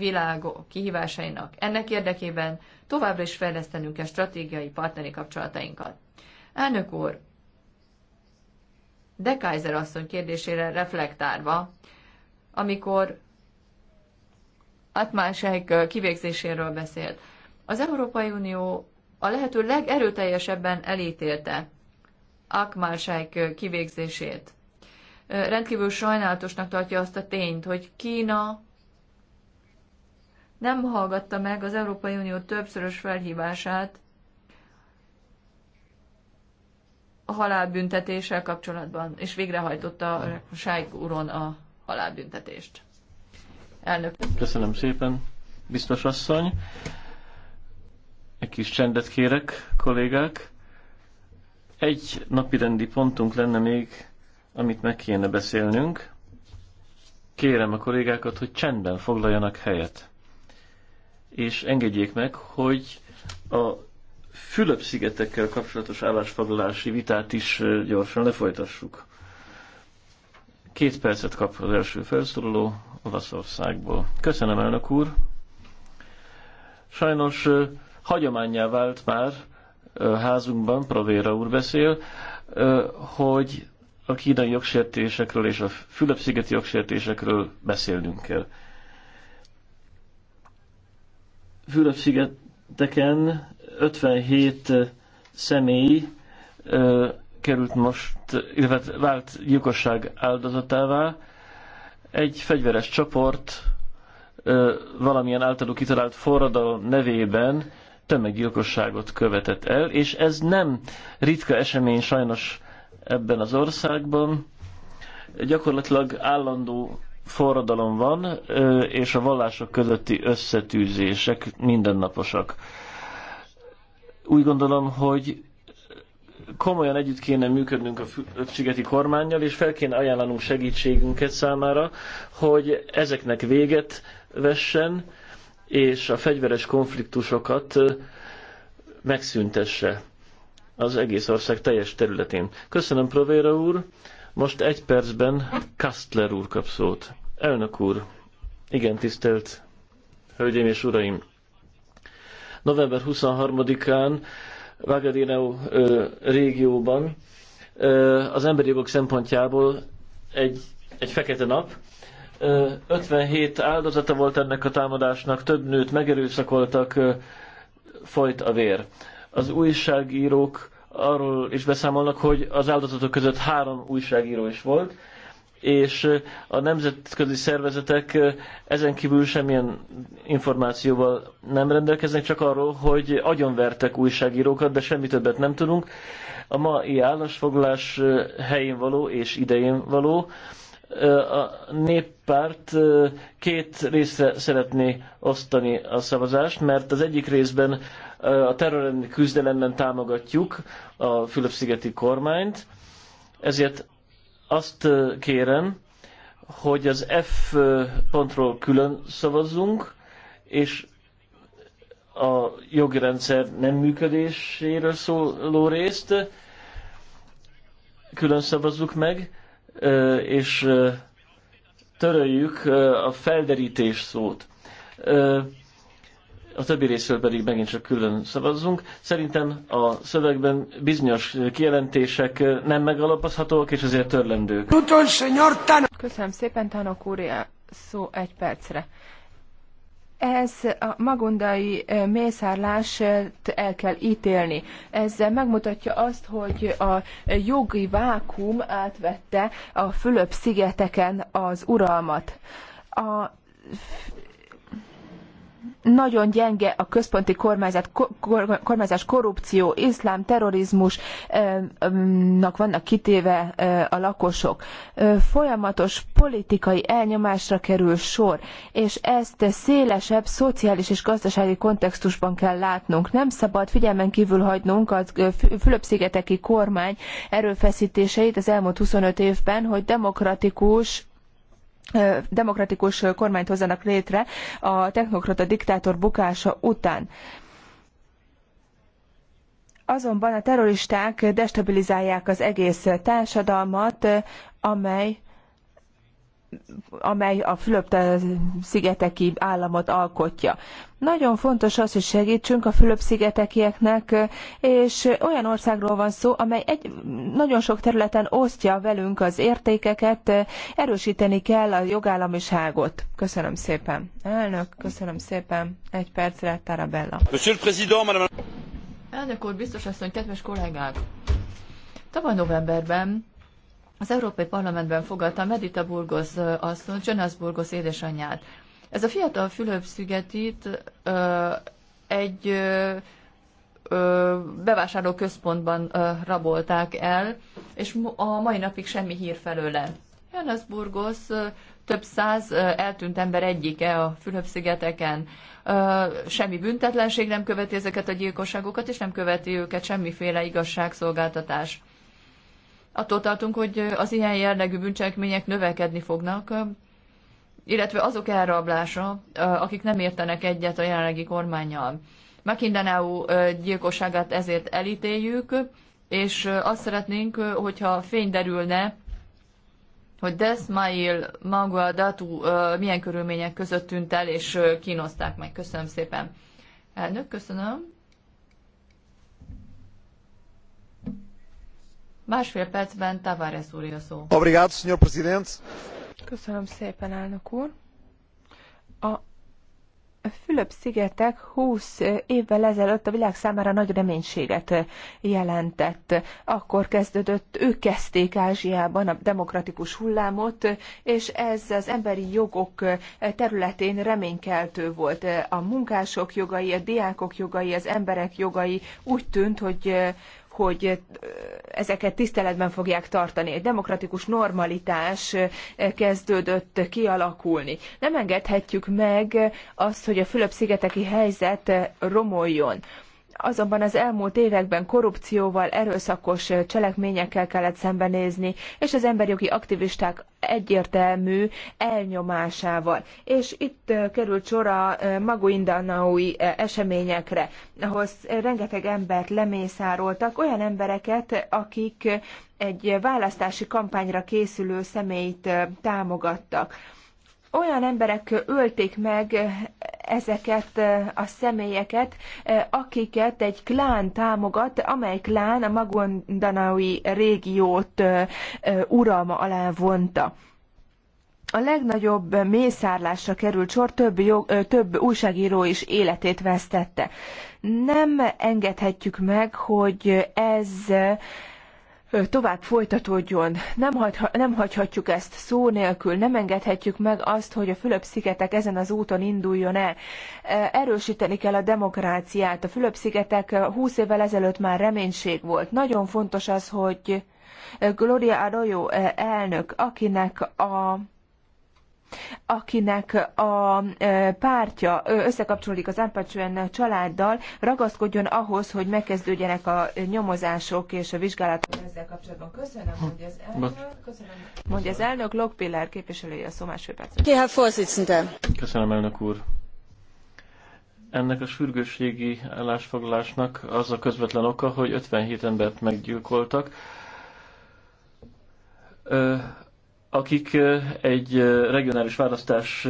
világok kihívásainak. Ennek érdekében továbbra is fejlesztenünk kell stratégiai partneri kapcsolatainkat. Elnök úr, de Kaiser asszony kérdésére reflektálva, amikor Atmásek kivégzéséről beszélt. Az Európai Unió a lehető legerőteljesebben elítélte Akmálsájk kivégzését. Rendkívül sajnálatosnak tartja azt a tényt, hogy Kína nem hallgatta meg az Európai Unió többszörös felhívását a halálbüntetéssel kapcsolatban, és végrehajtotta Sájk úron a halálbüntetést. Elnök. Köszönöm szépen, biztos asszony. Egy kis csendet kérek, kollégák. Egy rendi pontunk lenne még, amit meg kéne beszélnünk. Kérem a kollégákat, hogy csendben foglaljanak helyet és engedjék meg, hogy a Fülöp-szigetekkel kapcsolatos állásfoglalási vitát is gyorsan lefolytassuk. Két percet kap az első felszóló Olaszországból. Köszönöm, elnök úr! Sajnos hagyományá vált már házunkban, Pravéra úr beszél, hogy a kínai jogsértésekről és a Fülöp-szigeti jogsértésekről beszélnünk kell. Fülöp-szigeteken 57 személy ö, került most, illetve vált gyilkosság áldozatává. Egy fegyveres csoport ö, valamilyen általuk kitalált forradalom nevében tömeggyilkosságot követett el, és ez nem ritka esemény sajnos ebben az országban. Gyakorlatilag állandó forradalom van, és a vallások közötti összetűzések mindennaposak. Úgy gondolom, hogy komolyan együtt kéne működnünk a Csigeti kormányjal, és fel kéne ajánlanunk segítségünket számára, hogy ezeknek véget vessen, és a fegyveres konfliktusokat megszüntesse az egész ország teljes területén. Köszönöm, Provéra úr! Most egy percben Kastler úr kap szót. Elnök úr, igen tisztelt Hölgyeim és Uraim! November 23-án Vagadineu régióban ö, az emberi jogok szempontjából egy, egy fekete nap. Ö, 57 áldozata volt ennek a támadásnak, több nőt megerőszakoltak, ö, folyt a vér. Az újságírók arról is beszámolnak, hogy az áldozatok között három újságíró is volt, és a nemzetközi szervezetek ezen kívül semmilyen információval nem rendelkeznek, csak arról, hogy agyonvertek újságírókat, de semmi többet nem tudunk. A mai állásfoglalás helyén való és idején való. A néppárt két részre szeretné osztani a szavazást, mert az egyik részben a terrorelmi küzdelemben támogatjuk a Fülöp-szigeti kormányt, ezért azt kérem, hogy az F pontról külön szavazzunk, és a jogrendszer nem működéséről szóló részt külön szavazzuk meg, és töröljük a felderítés szót a többi részről pedig megint csak külön szavazzunk. Szerintem a szövegben bizonyos kijelentések nem megalapozhatóak, és ezért törlendők. Köszönöm szépen, Tanok úr, szó egy percre. Ez a magondai mészárlást el kell ítélni. Ez megmutatja azt, hogy a jogi vákum átvette a Fülöp-szigeteken az uralmat. A nagyon gyenge a központi kormányzat, kormányzás korrupció, iszlám, terrorizmusnak vannak kitéve a lakosok. Folyamatos politikai elnyomásra kerül sor, és ezt szélesebb szociális és gazdasági kontextusban kell látnunk. Nem szabad figyelmen kívül hagynunk a Fülöp-szigeteki kormány erőfeszítéseit az elmúlt 25 évben, hogy demokratikus demokratikus kormányt hozzanak létre a technokrata diktátor bukása után. Azonban a terroristák destabilizálják az egész társadalmat, amely amely a Fülöp-szigeteki államot alkotja. Nagyon fontos az, hogy segítsünk a Fülöp-szigetekieknek, és olyan országról van szó, amely egy, nagyon sok területen osztja velünk az értékeket, erősíteni kell a jogállamiságot. Köszönöm szépen. Elnök, köszönöm szépen. Egy percre, Tarabella. Monsieur le Président, Madame... Elnök úr, biztos asszony, kedves kollégák! Tavaly novemberben az Európai Parlamentben fogadta Medita Burgos asszony, Jonas Burgos édesanyját. Ez a fiatal Fülöp-szigetit egy bevásárló központban rabolták el, és a mai napig semmi hír felőle. Jonas Burgos több száz eltűnt ember egyike a Fülöp-szigeteken. Semmi büntetlenség nem követi ezeket a gyilkosságokat, és nem követi őket semmiféle igazságszolgáltatás attól tartunk, hogy az ilyen jellegű bűncselekmények növekedni fognak, illetve azok elrablása, akik nem értenek egyet a jelenlegi kormányjal. Mekindenáú gyilkosságát ezért elítéljük, és azt szeretnénk, hogyha fény derülne, hogy Desmail Mangua Datu milyen körülmények között tűnt el, és kínozták meg. Köszönöm szépen. Elnök, köszönöm. Másfél percben Tavares úr a szó. Obrigado, senhor presidente. Köszönöm szépen, elnök úr. A Fülöp-szigetek 20 évvel ezelőtt a világ számára nagy reménységet jelentett. Akkor kezdődött, ők kezdték Ázsiában a demokratikus hullámot, és ez az emberi jogok területén reménykeltő volt. A munkások jogai, a diákok jogai, az emberek jogai úgy tűnt, hogy hogy ezeket tiszteletben fogják tartani. Egy demokratikus normalitás kezdődött kialakulni. Nem engedhetjük meg azt, hogy a Fülöp-szigeteki helyzet romoljon. Azonban az elmúlt években korrupcióval, erőszakos cselekményekkel kellett szembenézni, és az emberjogi aktivisták egyértelmű elnyomásával. És itt került sor a Maguindanaui eseményekre, ahol rengeteg embert lemészároltak, olyan embereket, akik egy választási kampányra készülő személyt támogattak olyan emberek ölték meg ezeket a személyeket, akiket egy klán támogat, amely klán a Magondanaui régiót uralma alá vonta. A legnagyobb mészárlásra került sor több, jog, több újságíró is életét vesztette. Nem engedhetjük meg, hogy ez tovább folytatódjon. Nem, hagyha, nem hagyhatjuk ezt szó nélkül, nem engedhetjük meg azt, hogy a Fülöp-szigetek ezen az úton induljon el. Erősíteni kell a demokráciát. A Fülöp-szigetek 20 évvel ezelőtt már reménység volt. Nagyon fontos az, hogy Gloria Arroyo elnök, akinek a akinek a e, pártja összekapcsolódik az Ampacsően családdal, ragaszkodjon ahhoz, hogy megkezdődjenek a nyomozások és a vizsgálatok ezzel kapcsolatban. Köszönöm, mondja az elnök. Köszönöm. Mondja az elnök, Lokpiller képviselője a szomás másfél Köszönöm, elnök úr ennek a sürgősségi állásfoglalásnak az a közvetlen oka, hogy 57 embert meggyilkoltak akik egy regionális választás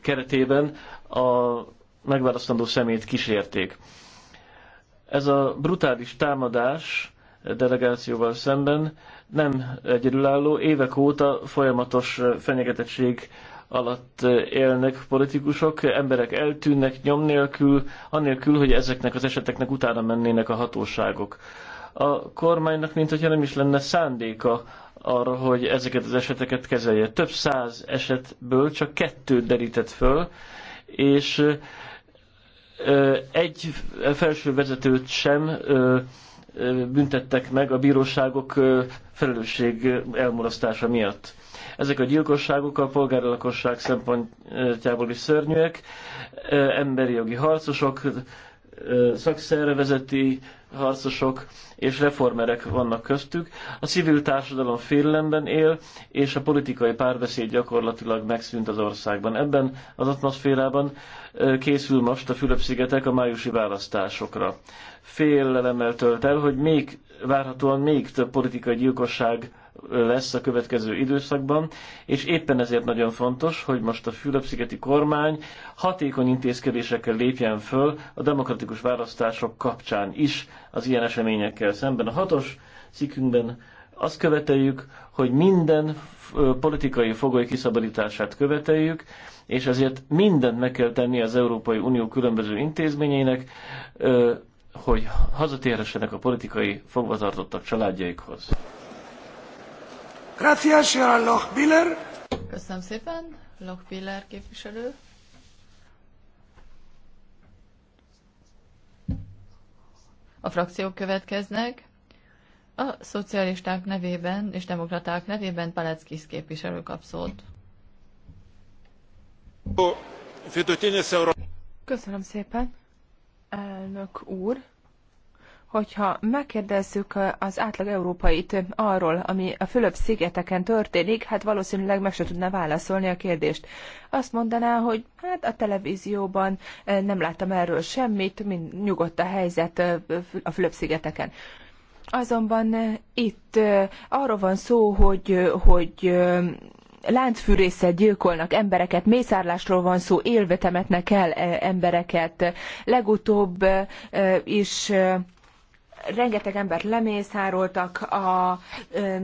keretében a megválasztandó szemét kísérték. Ez a brutális támadás delegációval szemben nem egyedülálló, évek óta folyamatos fenyegetettség alatt élnek politikusok, emberek eltűnnek nyom nélkül, anélkül, hogy ezeknek az eseteknek utána mennének a hatóságok a kormánynak, mint hogyha nem is lenne szándéka arra, hogy ezeket az eseteket kezelje. Több száz esetből csak kettő derített föl, és egy felső vezetőt sem büntettek meg a bíróságok felelősség elmulasztása miatt. Ezek a gyilkosságok a polgári lakosság szempontjából is szörnyűek, emberi jogi harcosok, szakszervezeti harcosok és reformerek vannak köztük. A civil társadalom félelemben él, és a politikai párbeszéd gyakorlatilag megszűnt az országban. Ebben az atmoszférában készül most a Fülöp-szigetek a májusi választásokra. Félelemmel tölt el, hogy még várhatóan még több politikai gyilkosság lesz a következő időszakban, és éppen ezért nagyon fontos, hogy most a Fülöp-szigeti kormány hatékony intézkedésekkel lépjen föl a demokratikus választások kapcsán is az ilyen eseményekkel szemben. A hatos cikkünkben azt követeljük, hogy minden politikai fogoly kiszabadítását követeljük, és ezért mindent meg kell tenni az Európai Unió különböző intézményeinek, hogy hazatérhessenek a politikai fogvatartottak családjaikhoz. Köszönöm szépen, Lochbiller képviselő. A frakciók következnek. A szocialisták nevében és demokraták nevében Paleckis képviselő kap szót. Köszönöm szépen, elnök úr hogyha megkérdezzük az átlag európait arról, ami a Fülöp-szigeteken történik, hát valószínűleg meg se tudná válaszolni a kérdést. Azt mondaná, hogy hát a televízióban nem láttam erről semmit, mint nyugodt a helyzet a Fülöp-szigeteken. Azonban itt arról van szó, hogy, hogy láncfűrészet gyilkolnak embereket, mészárlásról van szó, élve temetnek el embereket. Legutóbb is rengeteg embert lemészároltak, a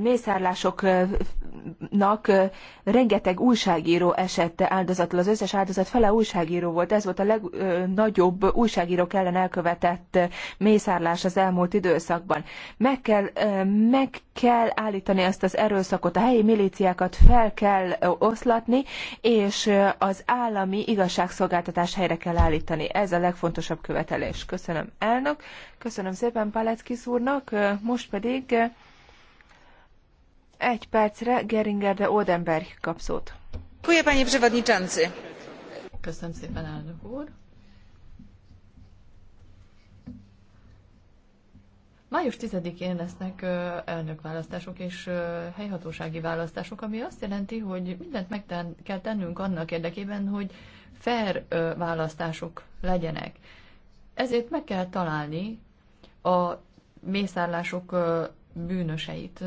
mészárlásoknak rengeteg újságíró esett áldozatul. Az összes áldozat fele újságíró volt. Ez volt a legnagyobb újságírók ellen elkövetett mészárlás az elmúlt időszakban. Meg kell, meg kell állítani ezt az erőszakot, a helyi milíciákat fel kell oszlatni, és az állami igazságszolgáltatás helyre kell állítani. Ez a legfontosabb követelés. Köszönöm elnök, köszönöm szépen Pál Paleckis kiszúrnak, most pedig egy percre Geringer de Odenberg kap szót. Köszönöm szépen, elnök úr. Május 10-én lesznek elnökválasztások és helyhatósági választások, ami azt jelenti, hogy mindent meg kell tennünk annak érdekében, hogy fair választások legyenek. Ezért meg kell találni a mészárlások bűnöseit.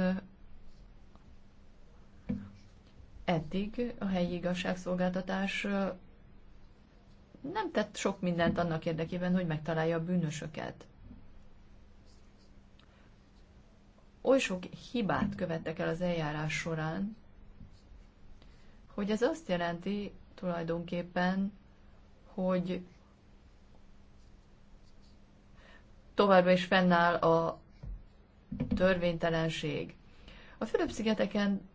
Eddig a helyi igazságszolgáltatás nem tett sok mindent annak érdekében, hogy megtalálja a bűnösöket. Oly sok hibát követtek el az eljárás során, hogy ez azt jelenti tulajdonképpen, hogy továbbra is fennáll a törvénytelenség. A Fülöp-szigeteken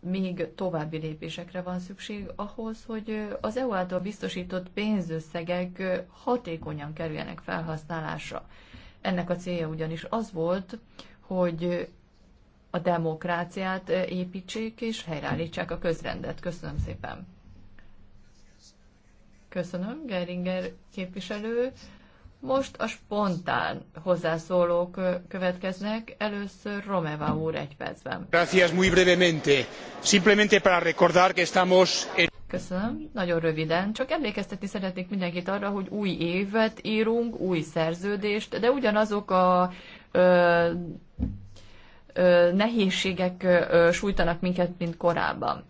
még további lépésekre van szükség ahhoz, hogy az EU által biztosított pénzösszegek hatékonyan kerüljenek felhasználásra. Ennek a célja ugyanis az volt, hogy a demokráciát építsék és helyreállítsák a közrendet. Köszönöm szépen. Köszönöm, Geringer képviselő. Most a spontán hozzászólók következnek. Először Romeva úr egy percben. Gracias, muy brevemente. Simplemente para recordar que estamos en... Köszönöm. Nagyon röviden. Csak emlékeztetni szeretnék mindenkit arra, hogy új évet írunk, új szerződést, de ugyanazok a ö, ö, nehézségek ö, sújtanak minket, mint korábban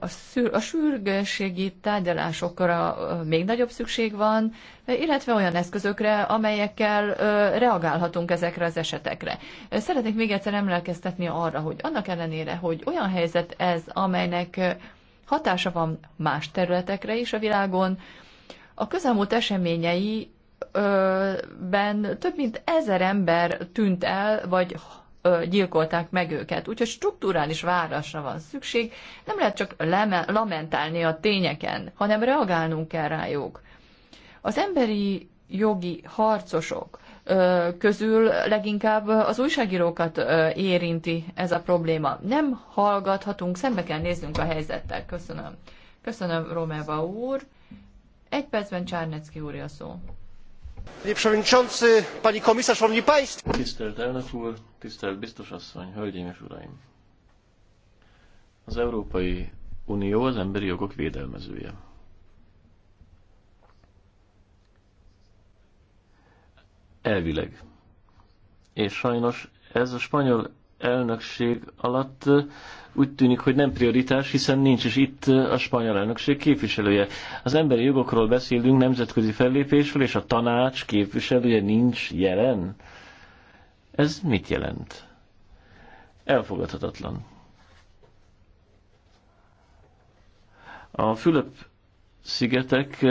a, szür, a sürgősségi tárgyalásokra még nagyobb szükség van, illetve olyan eszközökre, amelyekkel reagálhatunk ezekre az esetekre. Szeretnék még egyszer emlékeztetni arra, hogy annak ellenére, hogy olyan helyzet ez, amelynek hatása van más területekre is a világon, a közelmúlt eseményei ben több mint ezer ember tűnt el, vagy gyilkolták meg őket. Úgyhogy strukturális várásra van szükség. Nem lehet csak lamentálni a tényeken, hanem reagálnunk kell rájuk. Az emberi jogi harcosok közül leginkább az újságírókat érinti ez a probléma. Nem hallgathatunk, szembe kell néznünk a helyzettel. Köszönöm. Köszönöm, Romeva úr. Egy percben Csárnecki úr a szó. Pani Tisztelt elnök úr, tisztelt biztos asszony, hölgyeim és uraim! Az Európai Unió az emberi jogok védelmezője. Elvileg. És sajnos ez a spanyol elnökség alatt úgy tűnik, hogy nem prioritás, hiszen nincs is itt a spanyol elnökség képviselője. Az emberi jogokról beszélünk, nemzetközi fellépésről, és a tanács képviselője nincs jelen. Ez mit jelent? Elfogadhatatlan. A Fülöp-szigetek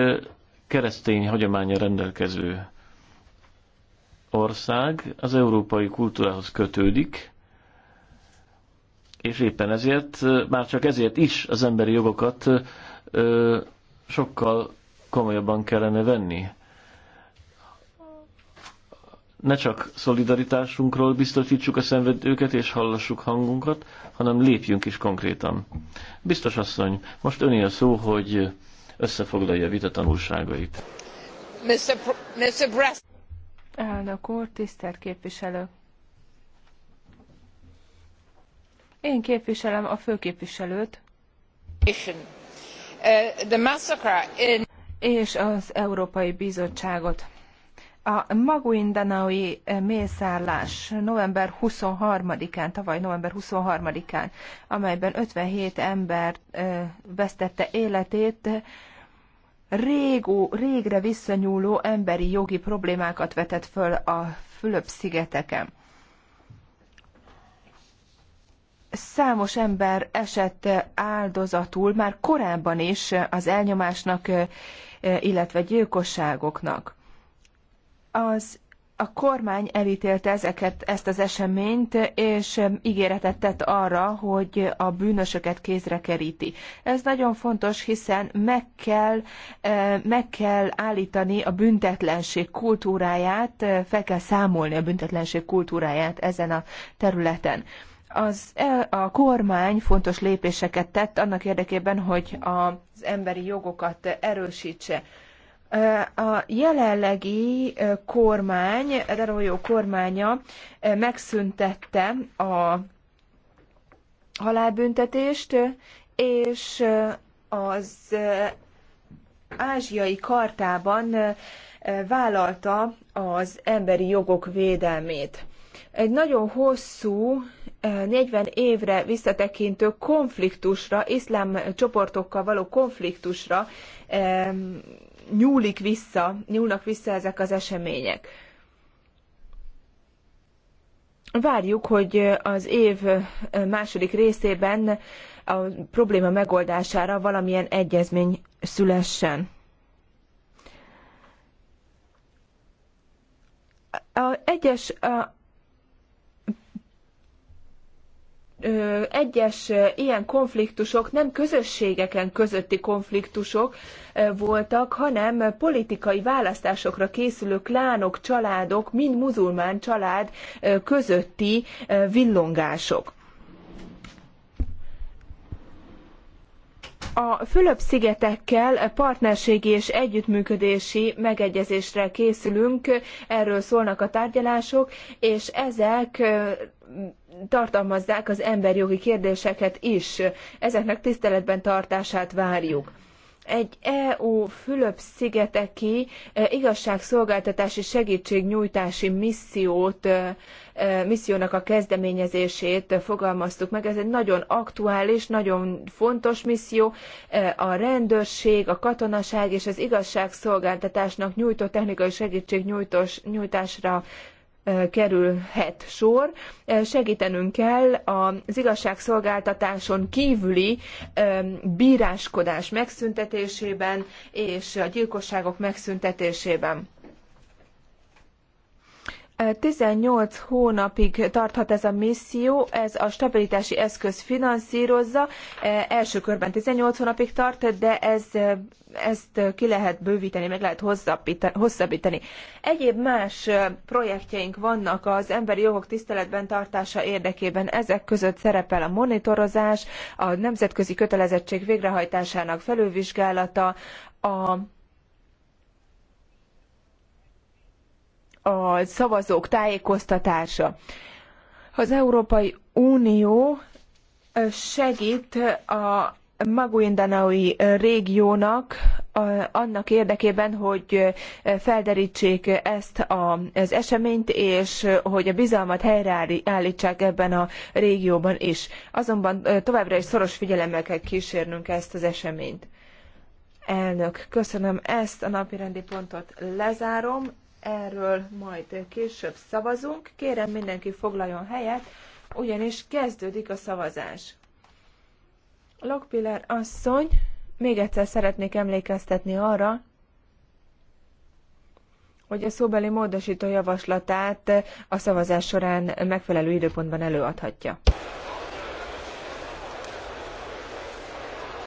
keresztény hagyománya rendelkező ország az európai kultúrához kötődik, és éppen ezért, már csak ezért is az emberi jogokat sokkal komolyabban kellene venni. Ne csak szolidaritásunkról biztosítsuk a szenvedőket és hallassuk hangunkat, hanem lépjünk is konkrétan. Biztos asszony, most öné a szó, hogy összefoglalja a vita tanulságait. Mr. Pr- Mr. Elnök úr, tisztelt képviselők! Én képviselem a főképviselőt. És az Európai Bizottságot. A Maguindanaui mészállás november 23-án, tavaly november 23-án, amelyben 57 ember vesztette életét, régó, régre visszanyúló emberi jogi problémákat vetett föl a Fülöp-szigeteken. számos ember esett áldozatul már korábban is az elnyomásnak, illetve gyilkosságoknak. Az a kormány elítélte ezeket, ezt az eseményt, és ígéretet tett arra, hogy a bűnösöket kézre keríti. Ez nagyon fontos, hiszen meg kell, meg kell állítani a büntetlenség kultúráját, fel kell számolni a büntetlenség kultúráját ezen a területen. Az, e, a kormány fontos lépéseket tett annak érdekében, hogy az emberi jogokat erősítse. E, a jelenlegi e, kormány, Darolyó kormánya megszüntette a halálbüntetést, és az ázsiai kartában vállalta az emberi jogok védelmét. Egy nagyon hosszú 40 évre visszatekintő konfliktusra, iszlám csoportokkal való konfliktusra nyúlik vissza, nyúlnak vissza ezek az események. Várjuk, hogy az év második részében a probléma megoldására valamilyen egyezmény szülessen. A egyes a egyes ilyen konfliktusok nem közösségeken közötti konfliktusok voltak, hanem politikai választásokra készülő klánok, családok, mind muzulmán család közötti villongások. A Fülöp-szigetekkel partnerségi és együttműködési megegyezésre készülünk, erről szólnak a tárgyalások, és ezek tartalmazzák az emberjogi kérdéseket is. Ezeknek tiszteletben tartását várjuk egy EU Fülöp-szigeteki e, igazságszolgáltatási segítségnyújtási missziót, e, e, missziónak a kezdeményezését fogalmaztuk meg. Ez egy nagyon aktuális, nagyon fontos misszió. A rendőrség, a katonaság és az igazságszolgáltatásnak nyújtó technikai segítségnyújtásra kerülhet sor. Segítenünk kell az igazságszolgáltatáson kívüli bíráskodás megszüntetésében és a gyilkosságok megszüntetésében. 18 hónapig tarthat ez a misszió, ez a stabilitási eszköz finanszírozza. E, első körben 18 hónapig tart, de ez, e, ezt ki lehet bővíteni, meg lehet hosszabbítani. Egyéb más e, projektjeink vannak az emberi jogok tiszteletben tartása érdekében. Ezek között szerepel a monitorozás, a nemzetközi kötelezettség végrehajtásának felülvizsgálata, a a szavazók tájékoztatása. Az Európai Unió segít a Maguindanaui régiónak annak érdekében, hogy felderítsék ezt az eseményt, és hogy a bizalmat helyreállítsák ebben a régióban is. Azonban továbbra is szoros figyelemmel kell kísérnünk ezt az eseményt. Elnök, köszönöm ezt, a napirendi pontot lezárom erről majd később szavazunk. Kérem mindenki foglaljon helyet, ugyanis kezdődik a szavazás. Lokpiller asszony, még egyszer szeretnék emlékeztetni arra, hogy a szóbeli módosító javaslatát a szavazás során megfelelő időpontban előadhatja.